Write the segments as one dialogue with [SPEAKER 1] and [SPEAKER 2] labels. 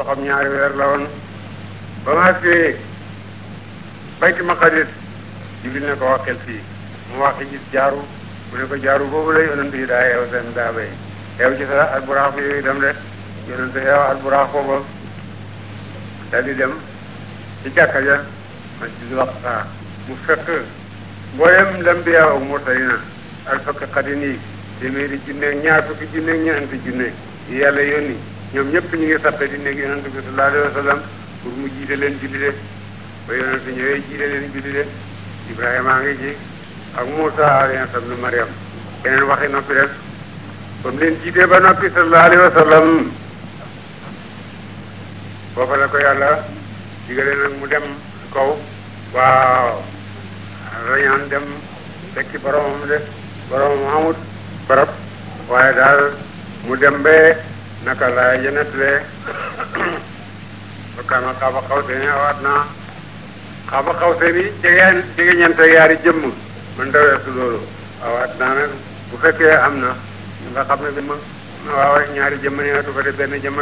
[SPEAKER 1] toxam ñaari weer la woon ba ma agsee bayti maqadis jibril ne ko wàqil fii mu wàqi gis jaaru mu ne ko jaaru boobu la yonent yi daa yeew seen daaba yi yeew ci sa alburaax yooyu dem de yonent yeew alburaax booba daal di dem ci jàkka ja masjidul aqsa mu fekk mboolem lambiya ak mursalina alfakk xadin yi téeméeri junne ñaar fukki junne ñeenti junne yi yàlla yónni ñoom ñëpp ñu ngi sappe di nekk yonent bi sallallahu wa sallam pour mu jiite leen julli de ba yonent ñëwee jiite leen julli Ibrahima a ngi ci ak Moussa alayhi salaam nu Mariam keneen waxi noppi rek comme leen jiitee ba noppi sallallahu alayhi wa sallam foofa la ko yàlla digale nag mu dem kaw waaw rañaan dem fekki boromam de boromam amut barab waaye daal mu dem bee naka laa yenetle wakkaana xaaba xaw seeni awaat naa xaaba xaw seeni jege jege ñeente yaari jëmm mën daweesu loolu awaat naa nag bu am na ñu nga xam ne bi ma waaw ñaari jëmm nee na du ko def benn jëmm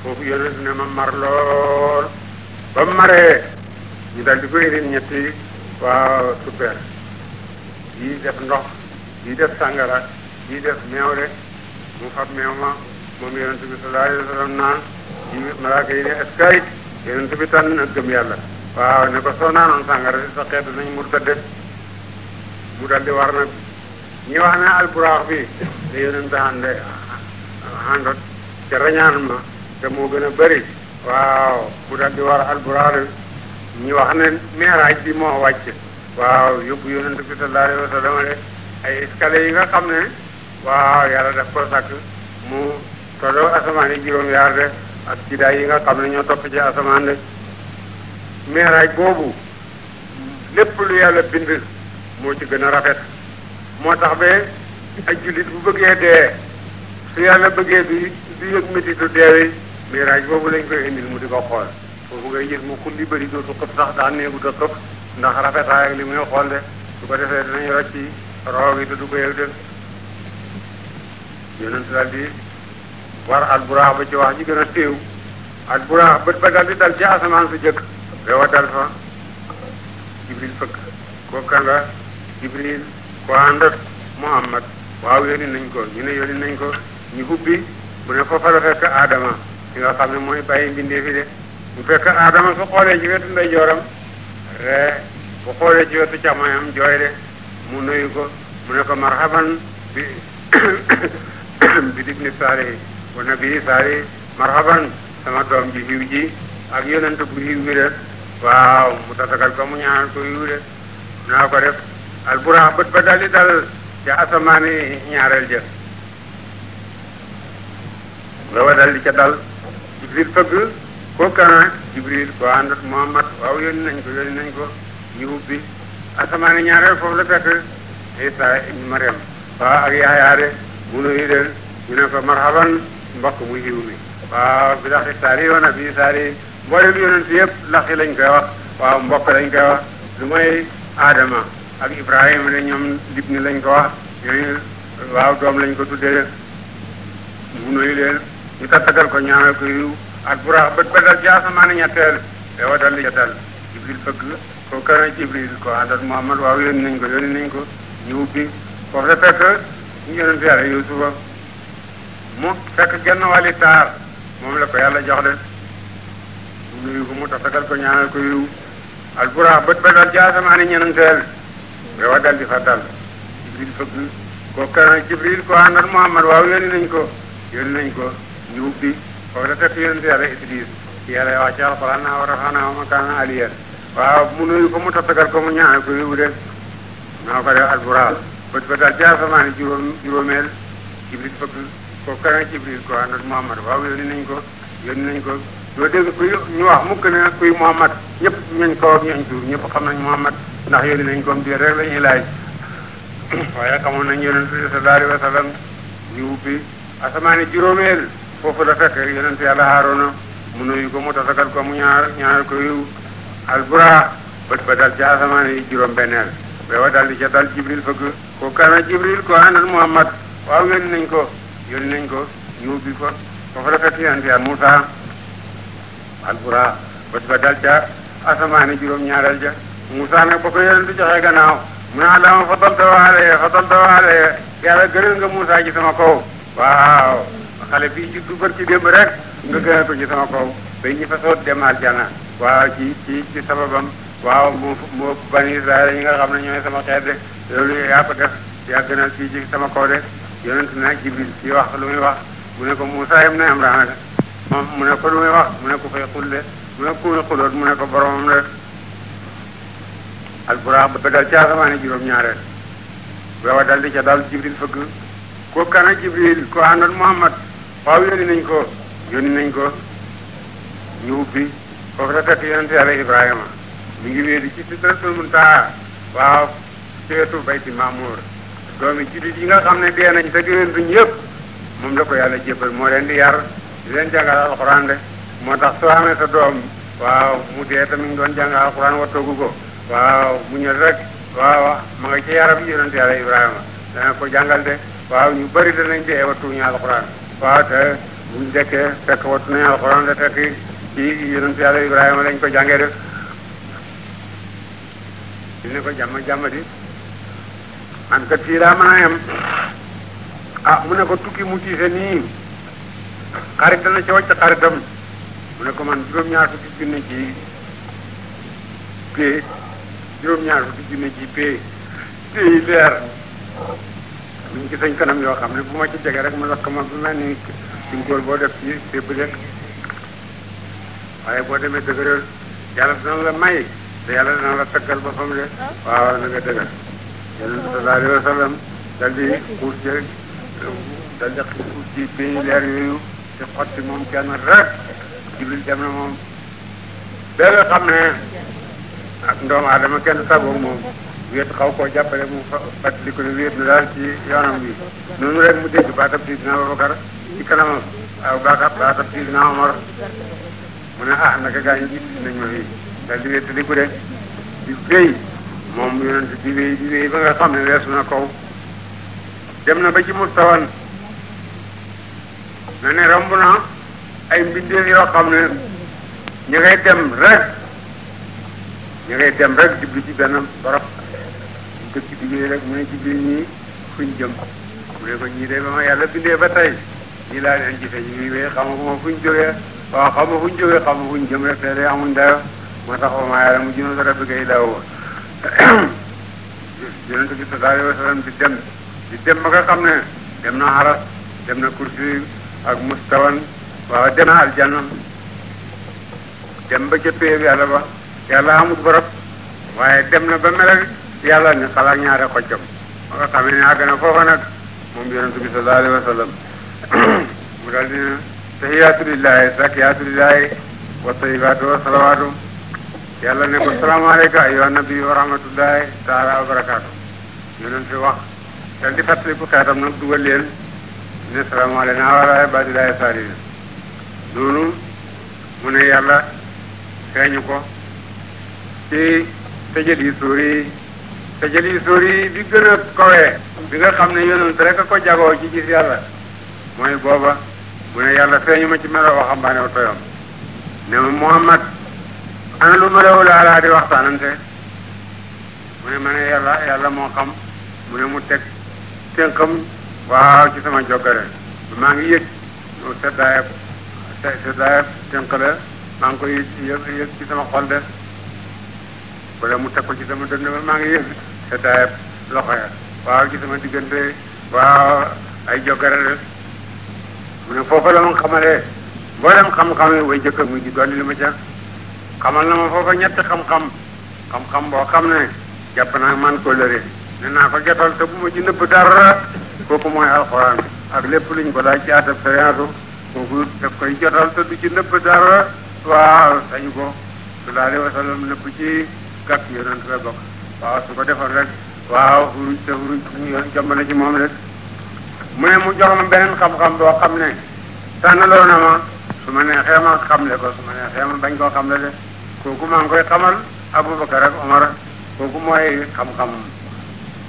[SPEAKER 1] foofu yonent ne ma mar lool ba mu maree di ko indil ñetti waaw super yii def ndox di def sàngara di meew rek mu fab meew ma moom yonent bi sallallahu alayhi wa naan ci malaaka yi ne eskay yonent bi na gëm yàlla waaw ne ko soo naanoon sàngara si sa xeet nañ murtadde mu dal di war nag ñi wax ne alburaax bi te yonent ànde àndot te rañaan ma te moo gën a bëri waaw mu dal di war alburaax bi ñi wax ne meeraaj bi moo wàcc waaw yóbbu yonent bi sallallahu alayhi wa sallam ay escaliers yi nga xam ne waaw yàlla def ko sàkk mu tolloo asamaan yi juróom-yaar de ak sidaay yi nga xam ne ñoo topp ci asamaan de meeraay boobu lépp lu yàlla bind moo ci gën a rafet moo tax ba ay jullit bu bëggee dee su yàlla bëggee bi du yëg métitu deewi meeraay boobu lañ koy indil mu di ko xool foofu ngay gis mu xulli bëri dootu xëpp sax daa néegu xëpp ndax rafetaay ak li muy xool de su ko defee dinañ rocc roo gi du dugg yow de yonent daal di war alburaax ba ci wax ji ba daal di dal ci asamaan su jëkk rewa dal jibril fëkk ko kanga jibril ko àndat muhammad waaw yónni nañ ko ñu ne yónni nañ ko ñu hubbi mu ne foofa la fekk aadama ñi nga xam ne mooy bàyyi mbindee fi de fekk aadama su xoolee ci wetu ndeyjooram ree bu xoolee ci wetu càmmoñam jooy de mu nuyu ko mu ne ko marhaban bi bi ibni saalih wa nabii saalih marhaban sama doom ji xiw ji ak yonent bu xiw bi de waaw mu tasagal ko mu ñaanal ko xiw de naa ko def alburax bët ba daldi dal ca asamaani ñaareel jëf lowa dal di ca dal jibril fëgg kooka jibril ko ànd muhammad waaw yónni nañ ko yónni nañ ko yiw bi asamaane ñaareel foofu la fekk Isa ibn ak Yahya de mu leen ñu ne ko marhaban mbokk mu yiw mi waaw bi laxi saari yoon ak bi saari mboolem yonent lañ koy wax waaw mbokk lañ koy wax lu mooy Adama ak Ibrahima ne ñoom lib ni lañ ko wax ñooñu doom lañ ko tuddee mu nuyu leen ñu tattagal ko ñaanal ko yiw ak buraax bët ba dal ci asamaane ñetteel te dal li ca dal Jibril fëgg soo kaana jibril ko àndat muhammad waaw yónni nañ ko yónni nañ ko ñu ubbi foofu la fekk ñu yonent yàlla yusufa mu fekk genn wàlli taar moom la ko yàlla jox de mu nuyu ko mu tasagal ko ñaanal ko yiw alburaax bët ba dal ci asamaani ñenanteel rewa dal di fa dal jibril ko kaana jibril ko àndat muhammad waaw yónni nañ ko yónni nañ ko ñu ubbi foofu la fekk yonent yàlla idris yàlla wax ci alxuraan naa wa rafanaa wa makaana aliyan waaw mu nuyu ko mu toppatal ko mu ñaanal ko yiw de naa ko def alburaal bët ba dal ci asamaan juróom juróomeel jibril fëgg ko kana jibril ko ànd ak muhammad waaw yónni nañ ko yónni nañ ko doo dégg kuy ñu wax mukk ne kuy muhammad ñëpp ñooñ kaw ko ñooñ suuf ñëpp xam nañ muhammad ndax yónni nañ ko am déet rek la ñuy laaj waaye xamoon nañ yonent bi sallallahu alayhi wa sallam ñu ubbi asamaan juróomeel foofu la fekk yonent yàlla Haaruna mu nuyu ko mu tasagal ko mu ñaar ñaar ko alburax bët ba dal ci asamaan yi juróom-benneel wewa dal di ca dal jibril bëgg ko kana jibril ko anal muhammad waaw yónni nañ ko yónni nañ ko ñu ubbi ko foofu la fekk yonent yàlla Muusa alburax bët ba dal ca asamaan yi juróom-ñaareel ja Muusa nag ba ko yonentu joxee gannaaw mu ne alama fadal tawaale fadal tawaale yàlla gënal nga Muusa ci sama kaw waaw xale bii juddu bër ci démb rek nga gënal ko ci sama kaw bay ñi fa soot dem aljana waaw ci ci ci sababam waaw mu mu bani Israël nga xam ne ñooy sama xeet de loolu yaa ko def yàgg na fii ci sama kaw de yonent na Jibril ci wax lu muy wax mu ne ko Moussa ibn Imran de moom mu ne ko lu muy wax mu ne ko fay xulle mu ne ko kuy xuloot mu ne ko boromam la alburaax ba dal ci asamaani juróom-ñaareel booba dal di ca dal Jibril fëgg ko kana Jibril ko àndoon Muhammad waaw yónni nañ ko yónni nañ ko ñu foofu la fekk yonent yàlla Ibrahima mi ngi wéeru ci sidratul muntaha waaw seetu bayti Mamour doomi jullit yi nga xam ne dee nañ te giwéntuñ yëpp moom la ko yàlla jébbal moo leen di yar di leen jàngal alxuraan de moo tax soo amee sa doom waaw mu dee tamit ngi doon jàngal alxuraan wattoogu ko waaw mu ñëw rek waaw ma nga ci yaram yonent yàlla Ibrahima dana ko jàngal de waaw ñu bëri danañ dee wattuñu alxuraan waaw te buñ dekkee fekk wattu nañu alxuraan de fekk ci yonentu yàlla Ibrahima lañ ko jàngee def ñu ko jàmm jàmm di man kat fii laa mën a yem ah, mu ne ko tukki mu tiise nii xarit dana ci wàcc mu ne ko man juróom-ñaar fukki junne ci pay juróom-ñaar fukki junne ci pay pay leer mu ngi ci sañ kanam yoo xam ne bu ma ci jege rek mu lakk ma bu ni suñ góor boo def ci te bu waaye boo demee dëgëral yàlla dana la may te yàlla dana la taggal boppam de ah. waaw na nga dëgër yonent sallallahu alayhi wa ci dal di xuus ci ci xotti moom kenn rek jibil dem na moom ba nga xam ne ak doomu kenn sagoo moom wéet xaw koo jàppale mu fàttali ko ne wéet na daal ci yoonam bi noonu rek mu dégg baatab Sidina Abubakar ci kanamam aw baatab Sidina Omar mu ne ah naka gaañ jiit nañ ma wéy daal di wéttaliku de di wéy moom yonent di wéy di wéy ba nga xam ne weesu na kaw dem na ba ci mustawan na ne romb na ay mbindeef yoo xam ne ñu dem rek ñu dem rek jubli ci benn barab ñu ko ci liggéey rek mu ne jubli ñii fuñ jëm mu ne ko ñii de ba ma yàlla bindee ba tey ñii laa leen gisee ñu ngi wéy xamaguma fuñ jógee waaw xam nga fu ñu jógee xam nga fu ñu jëm rek te day amul dara moo tax wa maa ya'lamu junuuda rabbika illaa di dem di dem ba nga xam ne dem na xaras dem na kursi ak mustawan waaw dem na dem ba ca péeb yàlla ba yàlla amul borom waaye dem na ba mel ak yàlla ni xalaat ñaare xoccam ba nga xam ne àgg na foofa nag moom yonent bi sallallahu alayhi wa sallam mu di tahiyaatu lillahi zakiyaatu lillahi wa tayibaatu wa salawaatu yàlla ne ko salaamaaleyka ayyuha nabi wa rahmatullahi taala wa barakaatu yonent wax dal di fàttaliku xeetam nag dugal leen ne salaamaaleyna wala ibadillahi saalina noonu mu ne yàlla feeñu ko ci tëjali suur yi tëjali suur bi gën a kawee bi nga xam ne yonent rek a ko jagoo ci gis yàlla mooy booba mu ne yàlla feeñu ma ci melo waxambaane wu toyoom ne ma Muhammad ana lu melowul alaa di waxtaanante mu ne ma ne yàlla yàlla moo xam mu ne mu teg tënkam waaw ci sama jogare maa ngi yëg mu seddaayab seddaayab tënk maa ngi koy yëg ci sama xol de wala mu teg ko ci sama dënd ba maa ngi yëg seddaayab loxo ya waaw ci sama diggante waaw ay jogare de mu ne foofa la ma xamalee mboolem xam-xam yi way jëkk ak mujj dolli li ma ca xamal na ma foofa ñetti xam-xam xam-xam boo xam ne jàpp naa man ko lëre ne naa ko jotal te bu ma ci nëbb dara kooku mooy alxuraan ak lépp luñ ko laaj ci atab sariyaatu kooku daf koy jotal te du ci nëbb dara waaw sañu ko sallallahu alayhi wa sallam nëbb ci gàtt la bokk waaw su ko defoon rek waaw huruj te huruj jombale ci moom rek mu ne mu jox ma beneen xam-xam boo xam ne tànnaloo na ma su ma neexee ma xamle ko su ma neexee ma bañ koo xamle de kooku maa ngi koy xamal Abubakar ak Omar kooku mooy xam-xam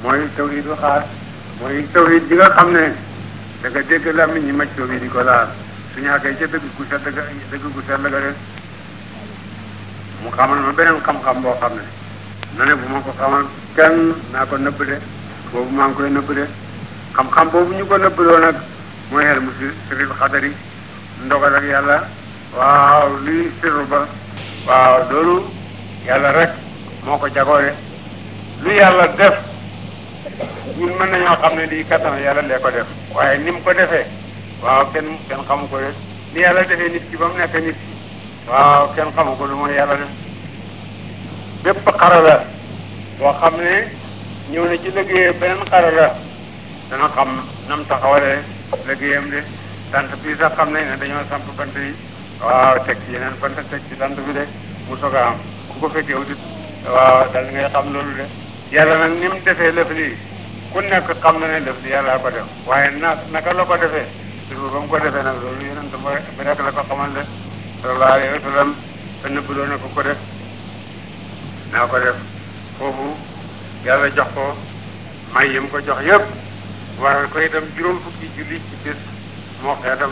[SPEAKER 1] mooy tawhidu xaar mooy tawhid bi nga xam ne da nga dégg la nit ñi maj tawhid di ko laal su ñaakee ca dëgg gu set ga dëgg gu set la ga de mu ma beneen xam-xam boo xam ne na ne bu ma ko xamal kenn naa ko nëbb de boobu maa ngi koy nëbb de xam-xam boobu ñu ko nëbbaloo nag mooy xel mu si siril xadari ndogal ak yàlla waaw luy sirru ba waaw loolu yàlla rek moo ko jagoone lu yàlla def ñun mën nañoo xam ne lii kattan yàlla lee ko def waaye ni mu ko defe waaw kenn kenn xamu ko rek yàlla defee nit ki ba mu nekk nit ki waaw kenn xamu ko lu mooy yàlla def bépp xarala boo xam ne ñëw na ci liggéey beneen xarala dana xam nam taxawalee liggéeyam de tant bii sax xam nañ ne dañoo samp bant yi waaw teg ci yeneen bant teg ci tant bi de mu soog a am ku ko fekkee wutit waaw dal ngay xam loolu de yàlla nag ni mu defee lëf lii ku nekk xam na ne lëf lii yàlla ko def waaye na naka la ko defee surtout ba mu ko defee nag loolu bi rek la ko xamal de sallallahu alayhi wa sallam te nëbb loo ko def naa ko def foofu yàlla jox ko may yi mu ko jox yëpp waral ko itam juróom fukki julli ci bis moo xeetam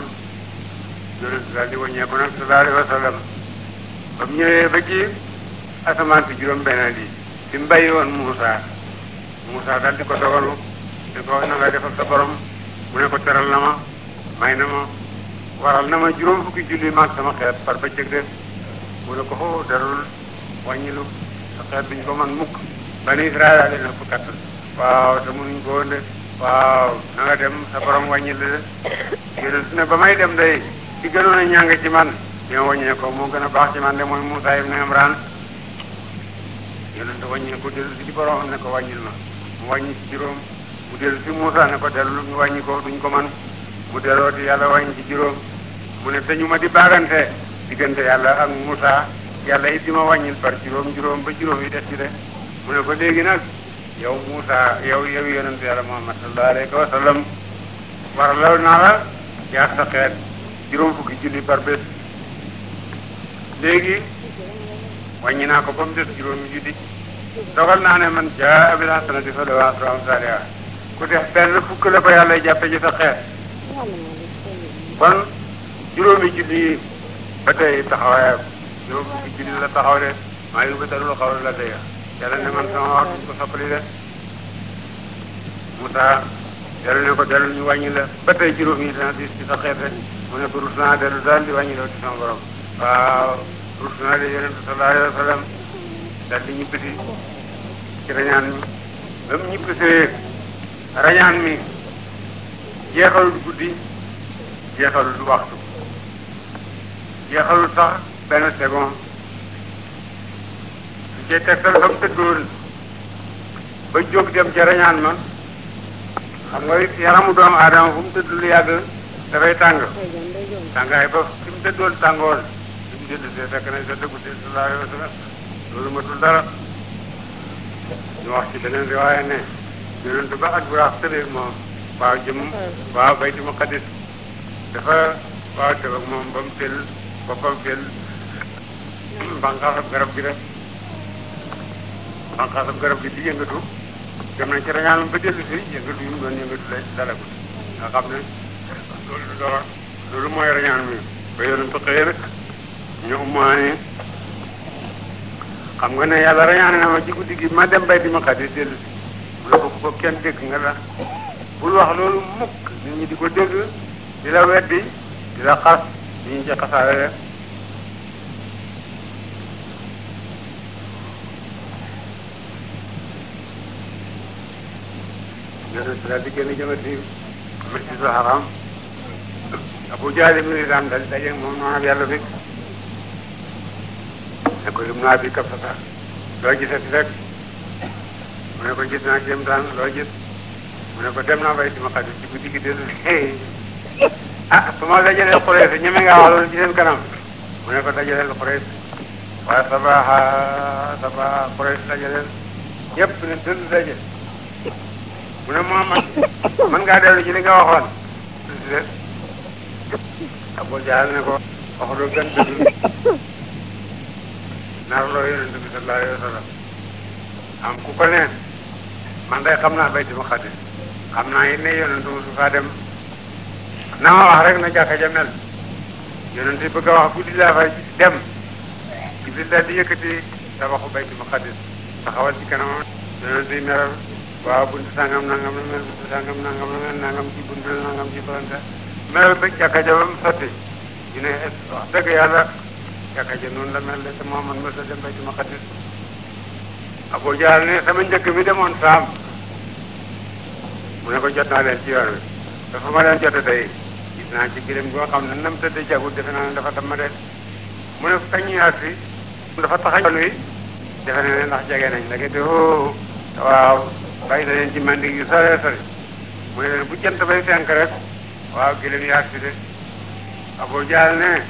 [SPEAKER 1] yonent daal di wàññeeku nag sallallahu alayhi wa sallam ba mu ñëwee ba ci asamaan si juróom benn yi fi mu bàyyi woon Moussa Moussa daal ko dogalu di ko na nga defal sa borom ne ko teral na ma may na ma waral na ma juróom fukki julli maag sama xeet par bëccëg de mu ne ko xoo oh, darul wàññilu sa xeet bi ko man mukk bani Israël daal di na ko kattan waaw te mënuñ ko woon waaw na nga dem sa borom wàññi la yonent ne ba may dem day ci gënoon a ñàng ci man ñoo wàññee ko moo gën baax ci man de mooy Moussa ibn Imran yonent wàññee ko dellu si ci borom am ne ko wàññil ma mu wàññi ci juróom mu dellu si Moussa ne ko dellu ñu wàññi ko duñ ko man mu delloo di yàlla wàññi ci juróom mu ne te ñu ma di baagante diggante yàlla ak Moussa yàlla it di ma wàññil par juróom juróom ba juróom yi des ci de mu ne ko léegi nag yow Moussa yow yow yonent yàlla Muhammad sallallahu alayhi wa sallam waralal naa juróom fukki julli par léegi wàññi naa ko ba mu julli dogal naa ne man jaa bil hasanati falahu ashru amsaalihaa ku def benn fukk la ko yàlla jàppe ci sa xeet kon juróomi julli ba tey taxawaayam juróom fukki julli la taxaw maa ngi ba talul xaw la daya yàlla ne man sama wax duñ ko soppali de Moussa dellu ne ko dellu ñu wàññi la ba tey juróom yi dana sa xeet rek mu ne dellu daal di wàññi la ci sama borom waaw rus naa de yonent sallallahu alayhi wa sallam daal di ñibbisi ci rañaan mi ba mu ñibbisee rañaan mi jeexalul guddi jeexalul waxtu jeexalul sax benn seconde cee tegtal fa mu tëddoon ba jóg dem ca ma xam nga yaramu doomu aadama fu mu tëdd yàgg dafay tàng tàngaay ba fi mu tëddoon tàngoon fi mu fekk nañ sa dëggu si sallallahu alayhi wa sallam loolu matul dara ñu wax ci beneen riwaaya ne ba at bu raax tëddee moom waaw jëm waaw bayti maqadis dafa waaw tëb moom ba mu tël boppam tël banqaas ak garab gi rek banqaasam garab gi di yëngatu dem nañ ci rañaanam ba dellu si yëngatu yi mu doon yëngatu lay dalagu nga xam ne loolu du dara loolu mooy rañaan mi ba yonent xëy nag ñu umaani xam nga ne yàlla rañaan na ma ci guddi gi ma dem bay di ma xadi dellu si mu ne ko ko kenn nga la bul wax loolu mukk nit di ko dégg di weddi di la di ñu ci xasaare yonent daal di génn jëme ci masjidul haram Abu Jahl ibn Hisham daal di daje moom noonu yàlla bi ne ko lum naa bi kapsata loo gisati rek mu ne ko gis naa jëm daan loo gis mu ne ko dem naa bay si ma xarit ci guddi gi dellu ah su ma dajalee Quraysh ñeme nga wax loolu ci seen kanam mu ne ko dajaleel Quraysh waaye sabaa sabaa Quraysh dajaleel ñëpp ne dënd daje mu ne Muhammad mën ngaa dellu ci li nga waxoon. Abu Jahal ne ko wax dëgg gën dëgg nar loo yonent bi sallallahu alayhi wa am ku ko man day xam naa Baytul Maqdis xam naa it ne yonent su dem na ma wax rek na jàkka ja mel yonent yi bëgg a wax guddi laa fay dem Jibril daal di yëkkati tabaxu Baytul Maqdis taxawal ci kanamam yonent yi meral waaw buntu sangam nangam la mel buntu sangam nangam la mel nangam ci buntu nangam ci palanteer mel ba jàkka ja mu sotti ñu ne eh, wax dëgg yàlla jàkka ja noonu la mel de te moo man mos a dem Baytul Maqdis Abu Jahl ne sama njëkk mi demoon saam mu ne ko jot naa leen ci yoon wi dafa ma leen jot gis naa ci gërëm goo xam ne nam tëdd jagut defe naa ne dafa tam ma de mu ne kañ ñu àgg dafa tax a yoon wi defe naa ne ndax jege nañ la te waaw bàyyi na leen ci yu sore sore mu ne bu jant bay fenk rek waaw gilem yaa fi de Abu Jaal ne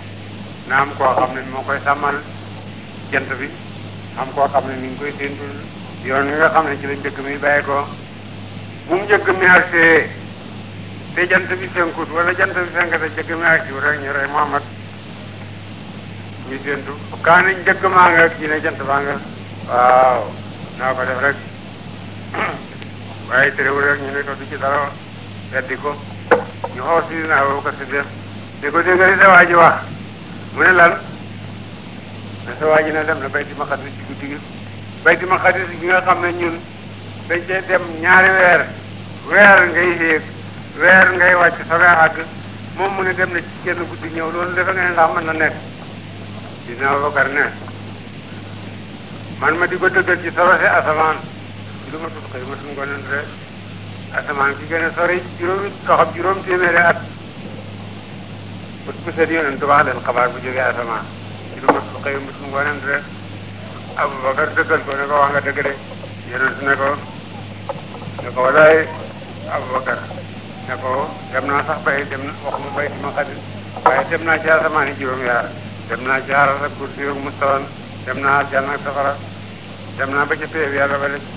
[SPEAKER 1] na am koo xam ne moo koy sàmmal jant bi am koo xam ne mi ngi koy séentul yoon wi nga xam ne ci la jëkk mi bàyyi ko bu mu njëkk mi agsee te jant bi fenkut wala jant bi fenk te njëkk mi agsi rek ñu rey Muhammad muy séentu kaani njëkk maa nga kii ne jant baa waaw naa ko def rek waaye terewul rek ñu ne dootu ci dara weddi ko ñu xool si dinaa woo ko si def ne ko dégg sa waa ji wax mu ne lan ne ji ne dem na bayti maqadis ci guddi gi bayti maqadis gi nga xam ne ñun dañ cee dem ñaari weer weer ngay yéeg weer ngay wàcc sa weer àgg moom mu ne dem na ci kenn guddi ñëw loolu defe nga na nekk dina ne man ma di ko dëggal ci sorosi asamaan lu matul xëy matul ngooneen rek asamaan gi gën a sori juróomi doxam juróom téeméeri at bët bu set yoneen tubaax leen xabaar bu jógee asamaan ci lu matul xëy matul ngooneen Abubakar dëggal ko ne ko wax nga dëgg de yonent ne ko ne ko walaay Abubakar ne ko naa sax bay dem na waxuma bay di ma xarit waaye naa ci asamaan yi yaar dem naa ci aras ak kursi ak naa aljanna ak safara dem ba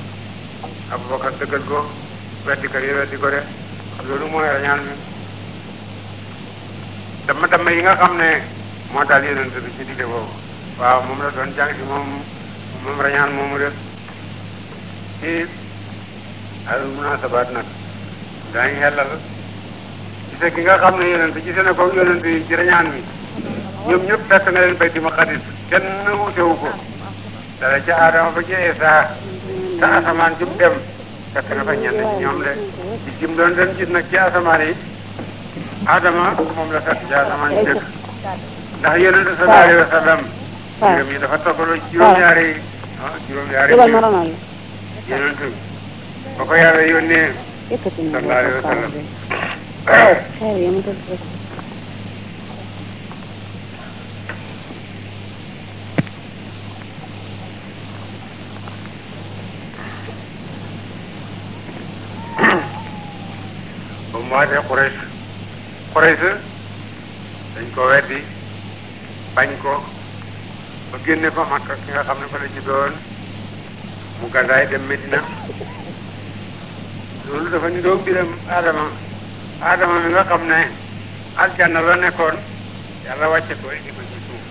[SPEAKER 1] Abubakar dëggal ko weddi ko yi weddi ko de loolu mooy rañaan mi dama dama yi nga xam ne moo tax yonent bi ci digge boobu waaw moom la doon jàng ci moom moom rañaan moomu de ci al munasabaat nag daañu xelal gise gi nga xam ne yonent gise na ko yonent yi ci rañaan mi ñoom ñëpp fekk na leen bay di ma xadis kenn wutewu ko dara ca Aadama ba ci Isaa te asamaan jum dem fekk na fa ñenn ci ñoom le di jim doon doon gis nag asamaan yi Adama moom la fekk ci asamaan yi dëkk ndax yonente sallallahu alayhi wa sallam juróom yi dafa toggaloo juróom-ñaari ah, juróom-ñaari yonente ba ko yàlla yónnee sallallahu alayhi wa sallam mu waxatee Quraysh Quraysh dañ ko weddi bañ ko ba génne ko Makka ki nga xam ne fa la juddoon mu gàddaay dem Medina loolu dafa ñu doog biram Adama Adama mi nga xam ne aljanna la nekkoon yàlla wàcce ko indi ko ci suuf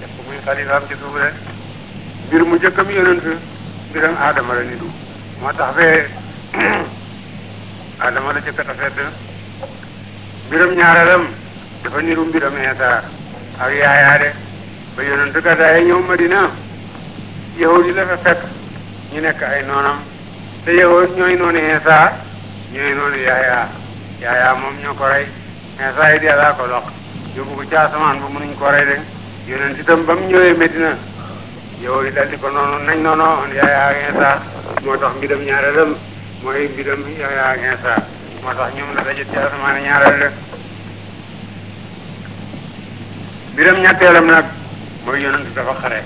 [SPEAKER 1] def ko muy xalifaam ci suuf rek mbir mu njëkkam yonent mbiram Adama la ni du moo tax fee adama la jëkk a tafet mbiram ñaareelam dafa niru mbiram Iisaa ak yaayaa de ba yonent ka daay ñëw Madina yahud yi la fa fekk ñu nekk ay noonam te yahud ñooy noonu Iisaa ñooy noonu yaayaa moom ñoo ko rey yi di Yàlla ko lox yóbbu ko ci asamaan ba mënuñ ko rey de yonent itam ba mu ñëwee Madina yahud yi dal di ko noonu nañ noonu yaayaa ak Iisaa moo tax mbiram ñaareelam mooy mbiram Yaxya ak Insa moo tax ñoom la daje ci asamaan ñaareel la mbiram ñetteelam nag mooy yonent dafa xare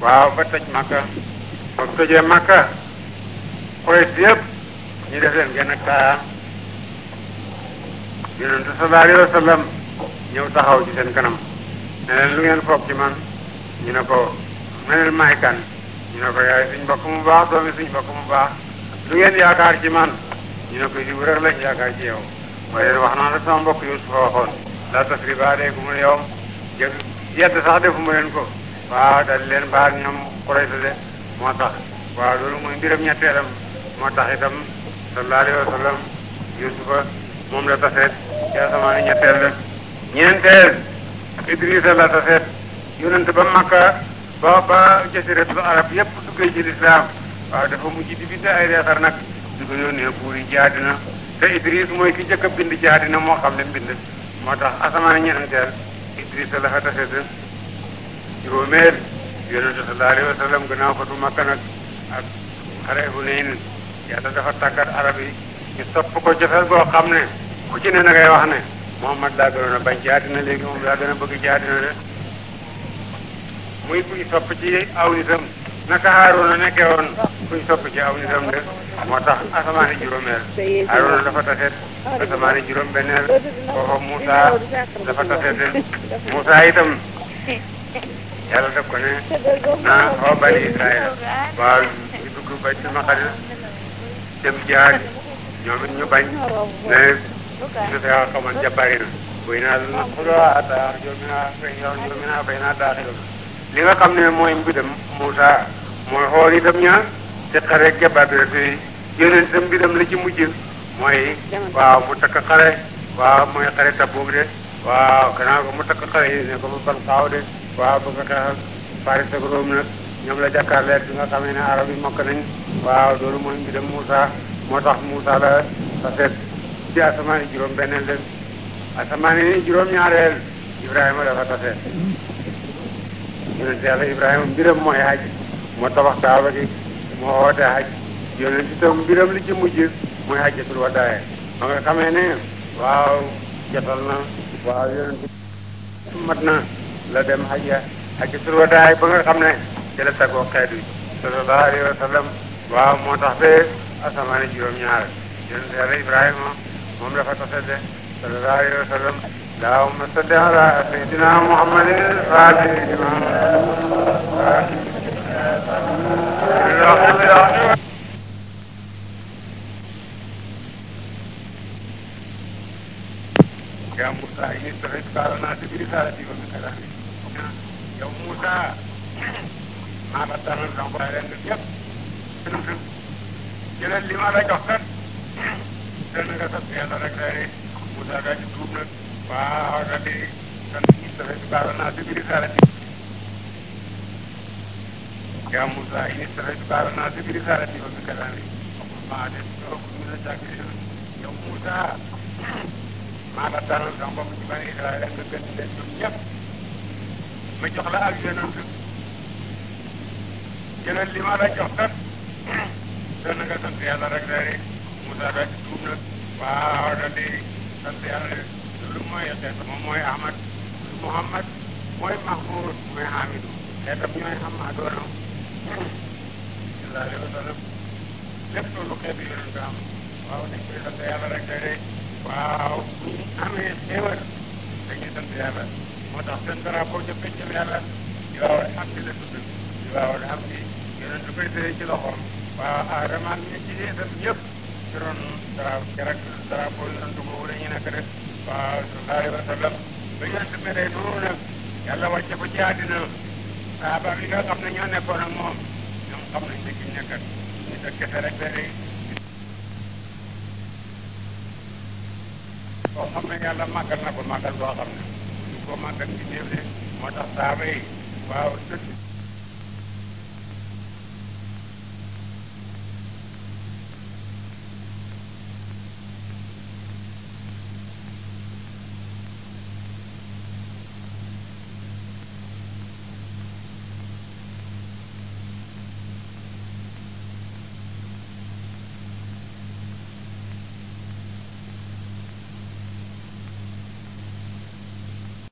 [SPEAKER 1] waaw ba toj Makka ba tojee Makka koy yëpp ñu def leen genn ak taa yonent sallallahu alayhi wa sallam ñëw taxaw ci seen kanam ne leen lu ngeen foog man ñu ne ko ne leen maay kan ñu ne ko yaay suñ mu baax doomi suñ mbokk mu baax lu ngeen yaakaar ci man ñu ne ko yiw rek lañ yaakaar ci yow mooy leen wax naa la sama mbokk Yuusufa waxoon la sax defuma leen ko waaw dal leen baal ñoom Quraysh de moo tax waaw loolu mooy mbiram ñetteelam moo tax itam sallallahu alayhi wa moom la taseet ci asamaan ñetteel la la taseet yonent ba Makka ba ba jasiratul arab yépp duggee ci lislaam waaw dafa mujj di bind ay reexar nag di ko yónnee yi jaadina te Idris mooy ki njëkk a bind jaadina moo xam ne mbind moo tax asamaan ñeenteel Idris la fa tase juróomeel yonente sallallahu alayhi wa sallam gannaaw fatu Makka nag ak xare Hunayn yàlla dafa tàggat arab yi ñu topp ko jofeel boo xam ne ku ci ne na wax ne Muhammad laa gënoon a bañ jaadina léegi moom laa gën a bëgg jaadina de muy kuy topp ci aw nitam naka Haaruna nekke woon kuñ sopp ci aw nitam de moo tax asamaani juróomeel Haaruna dafa taseet asamaani juróom benneel foofa Muusa dafa taseet Muusa itam yàlla def ko ne na xoo bani Israel waaw ñu ba ci Maqadis dem jaar ñoom it ñu bañ mais su fexee xamal jabari na buy naa lu na xuloo a daa joomina li nga xam ne mooy mbidam Moussa mooy xool itam ñaa te xare jabaatee fi yeneen itam mbidam la ci mujj waaw mu takk xare waaw mooy xare Tabuk de waaw gannaaw ko mu takk xare yi ko mu ban de waaw bëgg a xeexal Faris ak Room nag ñoom la jàkkaar leer bi nga xam ne arab yi mokk nañ waaw loolu mooy mbidam Moussa moo tax Moussa la saseet ci asamaan yi juróom benneel dem asamaan yi juróom ñaareel Ibrahima dafa taseet yonent yàlla Ibrahima mbiram mooy xaj moo tabax Kaaba gi moo woote xaj yonent itam mbiram li ci mujj mooy xajjatul wadaa ma nga xamee ne waaw jotal na waaw yonent mat na la dem xajja xajjatul wadaa ba nga xam ne ci la tagoo xeet wi sallallahu alayhi wa sallam
[SPEAKER 2] waaw moo tax ba
[SPEAKER 1] asamaane juróom-ñaar yonent yàlla Ibrahima moom la fa tase sallallahu alayhi wa sallam allahumma salli ala sayyidina muhammadin al-fatih lima يا موسى إني استغيثك على الناس برسالتي وبكلامي يا موسى maa ma tànnal sama bopp leen def yëpp jëlal li ma la jox kat dana nga sant yàlla rek lay bu ñu daal di tuub nag waaw daal si biir xaaral yaa Moussa yi dafay di baax naa si biir xaaral di ko bi kataan maa def ñoo ko ñu la jàkk yow maa la tànnal sama bopp ci bani Israël nga gën di leen ñoom ñëpp ma jox la ak yonent yeneen li la jox kat te na nga sant yàlla rek rek Moussa daal di tuub nag sant yàlla de loolu mooy xeetam moom mooy Ahmad Muhammad mooy Mahmoud mooy Hamidou xeetam ñooy Hamadoona sallallahu alayhi wa sallam lépp lu xeet yi yonent am waaw dañ koy sant yàlla rek de de waaw bu ñu amee xéewal dañuy sant yàlla moo tax seen drapeau ca peccam yàlla liwaawal xam di la tudd liwaawal xam di yonent koy tëye ci loxoom waaw aadama ak ñi ci xeetam yëpp ci ron dara keroog dara boobu yonent boobu la ñuy nekk de waaw sallallahu alayhi wa sallam ba yonent bi day dugg nag yàlla wàcce ko ci àddina saaba yi nga xam ne ñoo nekkoon ak moom ñoom xam nañ ne ki ñu nekkat ñu dëkk kese rek ba day koo xam ne yàlla na ko màggal boo xam ne ñu ko ci déef de moo tax saaba yi